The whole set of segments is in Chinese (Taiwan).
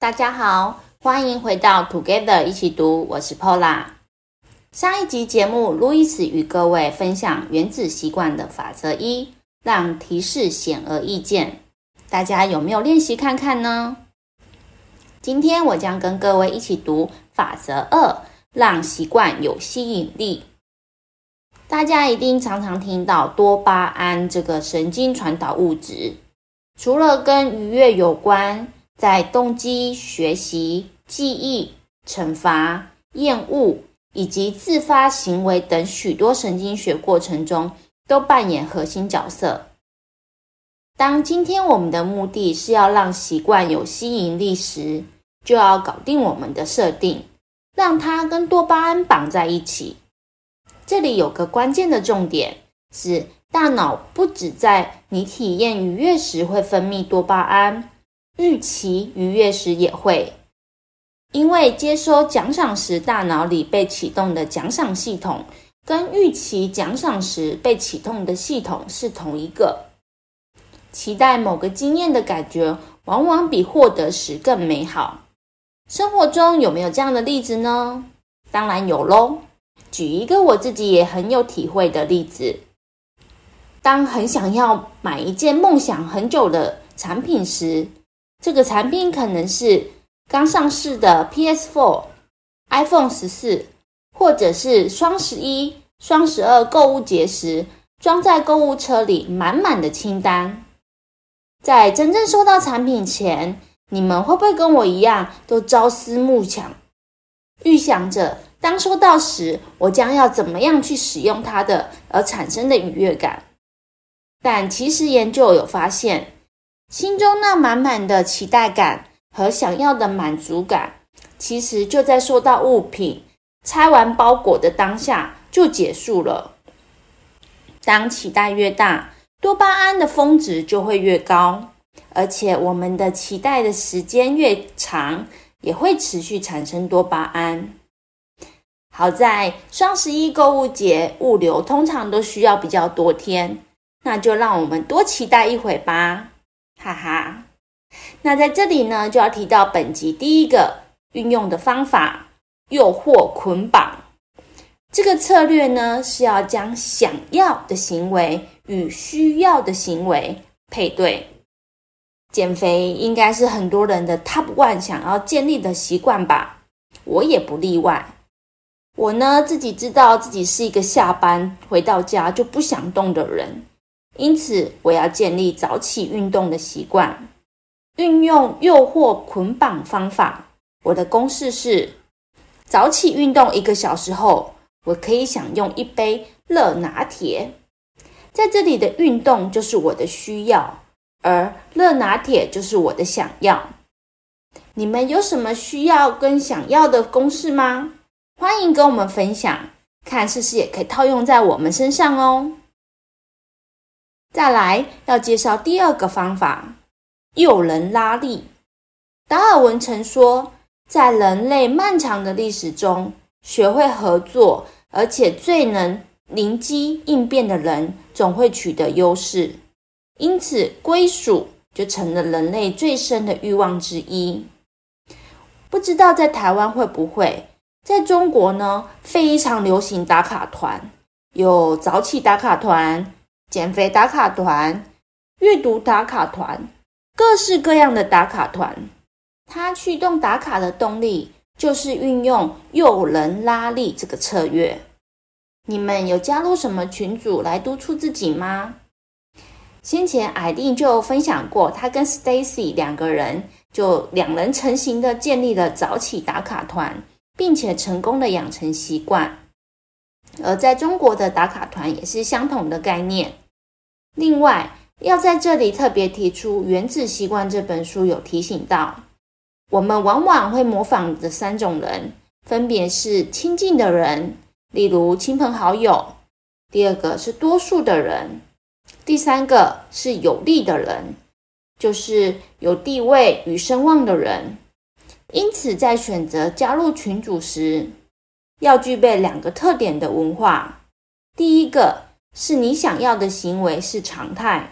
大家好，歡迎回到 Together 一起讀，我是 Paula。上一集節目，Lewis 與各位分享原子習慣的法則一，讓提示顯而易見。大家有沒有練習看看呢？今天我將跟各位一起讀法則二，讓習慣有吸引力。大家一定常常聽到多巴胺這個神經傳導物質，除了跟愉悅有關，在動機、學習、記憶、懲罰、厭惡以及自發行為等許多神經學過程中，都扮演核心角色。當今天我們的目的是要讓習慣有吸引力時，就要搞定我們的設定，讓它跟多巴胺綁在一起。這裡有個關鍵的重點，是大腦不只在你體驗愉悅時會分泌多巴胺。預期愉悅時也會，因為接收獎賞時大腦裡被啟動的獎賞系統，跟預期獎賞時被啟動的系統是同一個。期待某個經驗的感覺，往往比獲得時更美好。生活中有沒有這樣的例子呢？當然有嘍。舉一個我自己也很有體會的例子，當很想要買一件夢想很久的產品時。這個產品可能是剛上市的 PS4、iPhone 十四，或者是雙十一、雙十二購物節時裝在購物車裡滿滿的清單。在真正收到產品前，你們會不會跟我一樣都朝思暮想，預想着當收到時我將要怎麼樣去使用它的而產生的愉悅感？但其實研究有發現。心中那滿滿的期待感和想要的滿足感，其實就在收到物品、拆完包裹的當下就結束了。當期待越大，多巴胺的峰值就會越高，而且我們的期待的時間越長，也會持續產生多巴胺。好在雙十一購物節物流通常都需要比較多天，那就讓我們多期待一會吧。哈哈，那在這裡呢，就要提到本集第一個運用的方法——誘惑捆綁。這個策略呢，是要將想要的行為與需要的行為配對。減肥應該是很多人的 top one 想要建立的習慣吧，我也不例外。我呢，自己知道自己是一個下班回到家就不想動的人。因此，我要建立早起運動的習慣，運用誘惑捆綁方法。我的公式是：早起運動一個小時後，我可以享用一杯熱拿鐵。在這裡的運動就是我的需要，而熱拿鐵就是我的想要。你們有什麼需要跟想要的公式嗎？歡迎跟我們分享，看是不是也可以套用在我們身上哦。下來要介紹第二個方法，誘人拉力。達爾文曾說，在人類漫長的歷史中，學會合作而且最能靈機應變的人，總會取得優勢。因此，歸屬就成了人類最深的慾望之一。不知道在台灣會不會，在中國呢？非常流行打卡團，有早起打卡團。減肥打卡團、閱讀打卡團，各式各樣的打卡團，它驅動打卡的動力就是運用誘人拉力這個策略。你們有加入什麼群組來督促自己嗎？先前艾定就分享過，他跟 Stacy 兩個人就兩人成型的建立了早起打卡團，並且成功的養成習慣。而在中國的打卡團也是相同的概念。另外，要在這裡特別提出，《原子習慣》這本書有提醒到，我們往往會模仿的三種人，分別是親近的人，例如親朋好友；第二個是多數的人；第三個是有力的人，就是有地位與聲望的人。因此，在選擇加入群組時，要具備兩個特點的文化，第一個是你想要的行為是常態；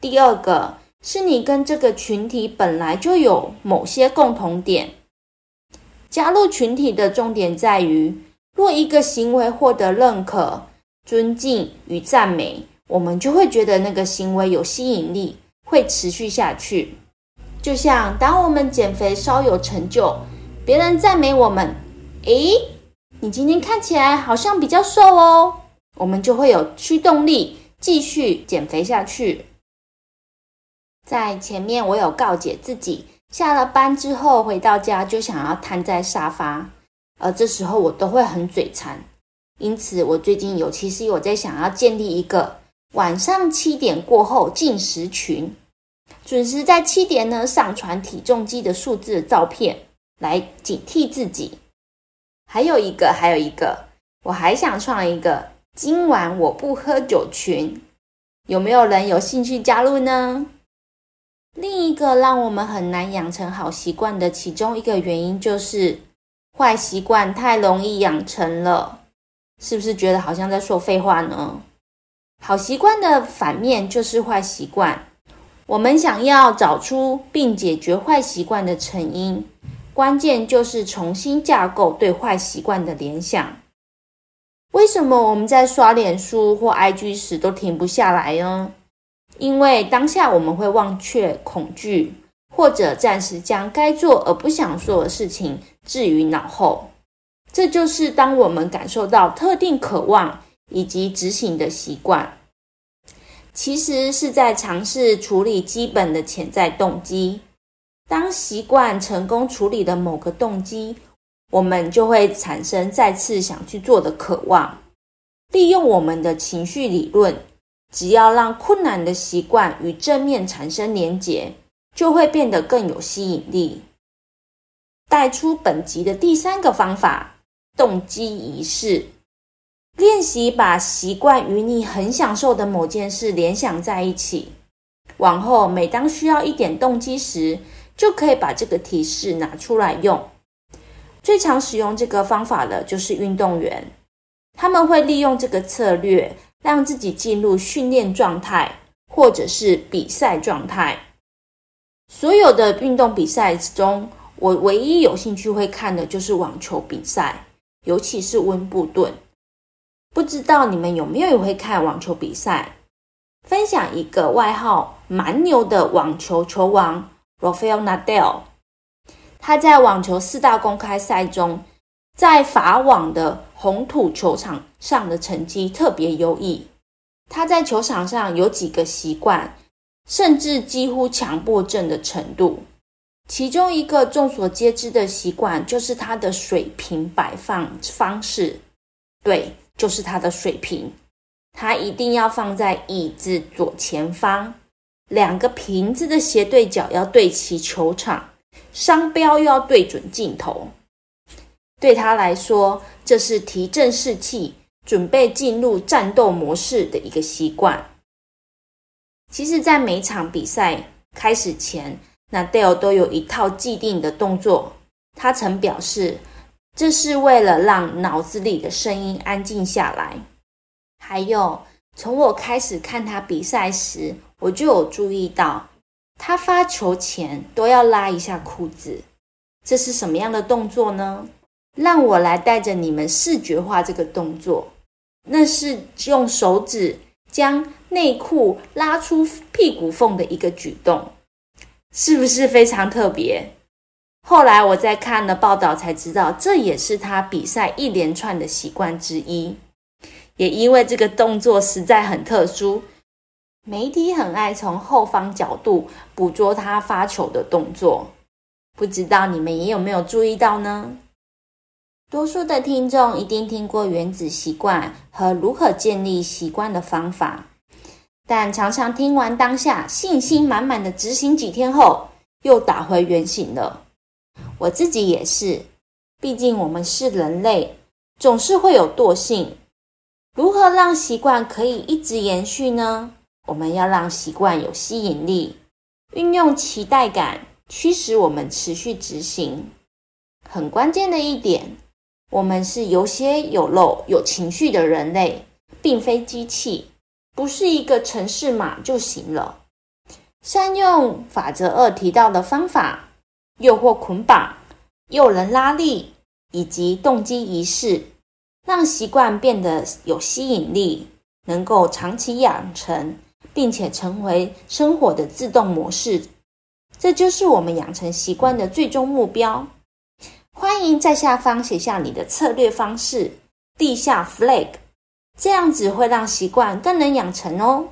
第二個是你跟這個群體本來就有某些共同點。加入群體的重點在於，若一個行為獲得認可、尊敬與讚美，我們就會覺得那個行為有吸引力，會持續下去。就像當我們減肥稍有成就，別人讚美我們，誒，你今天看起來好像比較瘦哦，我們就會有驅動力繼續減肥下去。在前面我有告誡自己，下了班之後回到家就想要癱在沙發，而這時候我都會很嘴饞。因此，我最近有其實我在想要建立一個晚上七點過後進食群，準時在七點呢上傳體重計的數字的照片，來警惕自己。還有一個，還有一個，我還想創一個今晚我不喝酒群，有沒有人有興趣加入呢？另一個讓我們很難養成好習慣的其中一個原因就是，壞習慣太容易養成了，是不是覺得好像在說廢話呢？好習慣的反面就是壞習慣，我們想要找出並解決壞習慣的成因。關鍵就是重新架構對壞習慣的聯想。為什麼我們在刷臉書或 IG 時都停不下來呢？因為當下我們會忘卻恐懼，或者暫時將該做而不想做的事情置於腦後。這就是當我們感受到特定渴望以及執行的習慣，其實是在嘗試處理基本的潛在動機。當習慣成功處理的某個動機，我們就會產生再次想去做的渴望。利用我們的情緒理論，只要讓困難的習慣與正面產生連結，就會變得更有吸引力。帶出本集的第三個方法：動機儀式。練習把習慣與你很享受的某件事聯想在一起。往後每當需要一點動機時，就可以把這個提示拿出來用。最常使用這個方法的就是運動員，他們會利用這個策略讓自己進入訓練狀態或者是比賽狀態。所有的運動比賽中，我唯一有興趣會看的就是網球比賽，尤其是溫布頓。不知道你們有沒有也會看網球比賽？分享一個外號“蠻牛”的網球球王。Rafael Nadal 他在網球四大公開賽中，在法網的紅土球場上的成績特別優異。他在球場上有幾個習慣，甚至幾乎強迫症的程度。其中一個眾所皆知的習慣，就是他的水瓶擺放方式。對，就是他的水瓶，他一定要放在椅子左前方。兩個瓶子的斜對角要對齊球場，商標又要對準鏡頭。對他來說，這是提振士氣、準備進入戰鬥模式的一個習慣。其實，在每一場比賽開始前，Nadal 都有一套既定的動作。他曾表示，這是為了讓腦子裡的聲音安靜下來。還有。從我開始看他比賽時，我就有注意到，他發球前都要拉一下褲子。這是什麼樣的動作呢？讓我來帶着你們視覺化這個動作。那是用手指將內褲拉出屁股縫的一個舉動，是不是非常特別？後來我在看了報道才知道，這也是他比賽一連串的習慣之一。也因為這個動作實在很特殊，媒體很愛從後方角度捕捉他發球的動作。不知道你們也有沒有注意到呢？多數的聽眾一定聽過原子習慣和如何建立習慣的方法，但常常聽完當下信心滿滿的執行幾天後，又打回原形了。我自己也是，畢竟我們是人類，總是會有惰性。如何讓習慣可以一直延續呢？我們要讓習慣有吸引力，運用期待感，驅使我們持續執行。很關鍵的一點，我們是有血有肉有情緒的人類，並非機器，不是一個程式碼就行了。善用法則二提到的方法：誘惑捆綁、誘人拉力以及動機儀式。讓習慣變得有吸引力，能夠長期養成，並且成為生活的自動模式，這就是我們養成習慣的最終目標。歡迎在下方寫下你的策略方式，立下 flag，這樣子會讓習慣更能養成哦。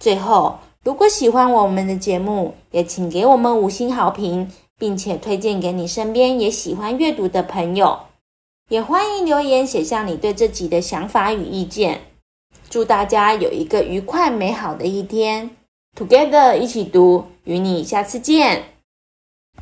最後，如果喜歡我們的節目，也請給我們五星好評，並且推薦給你身邊也喜歡閱讀的朋友。也歡迎留言寫下你對這集的想法與意見。祝大家有一個愉快美好的一天！Together 一起讀，與你下次見。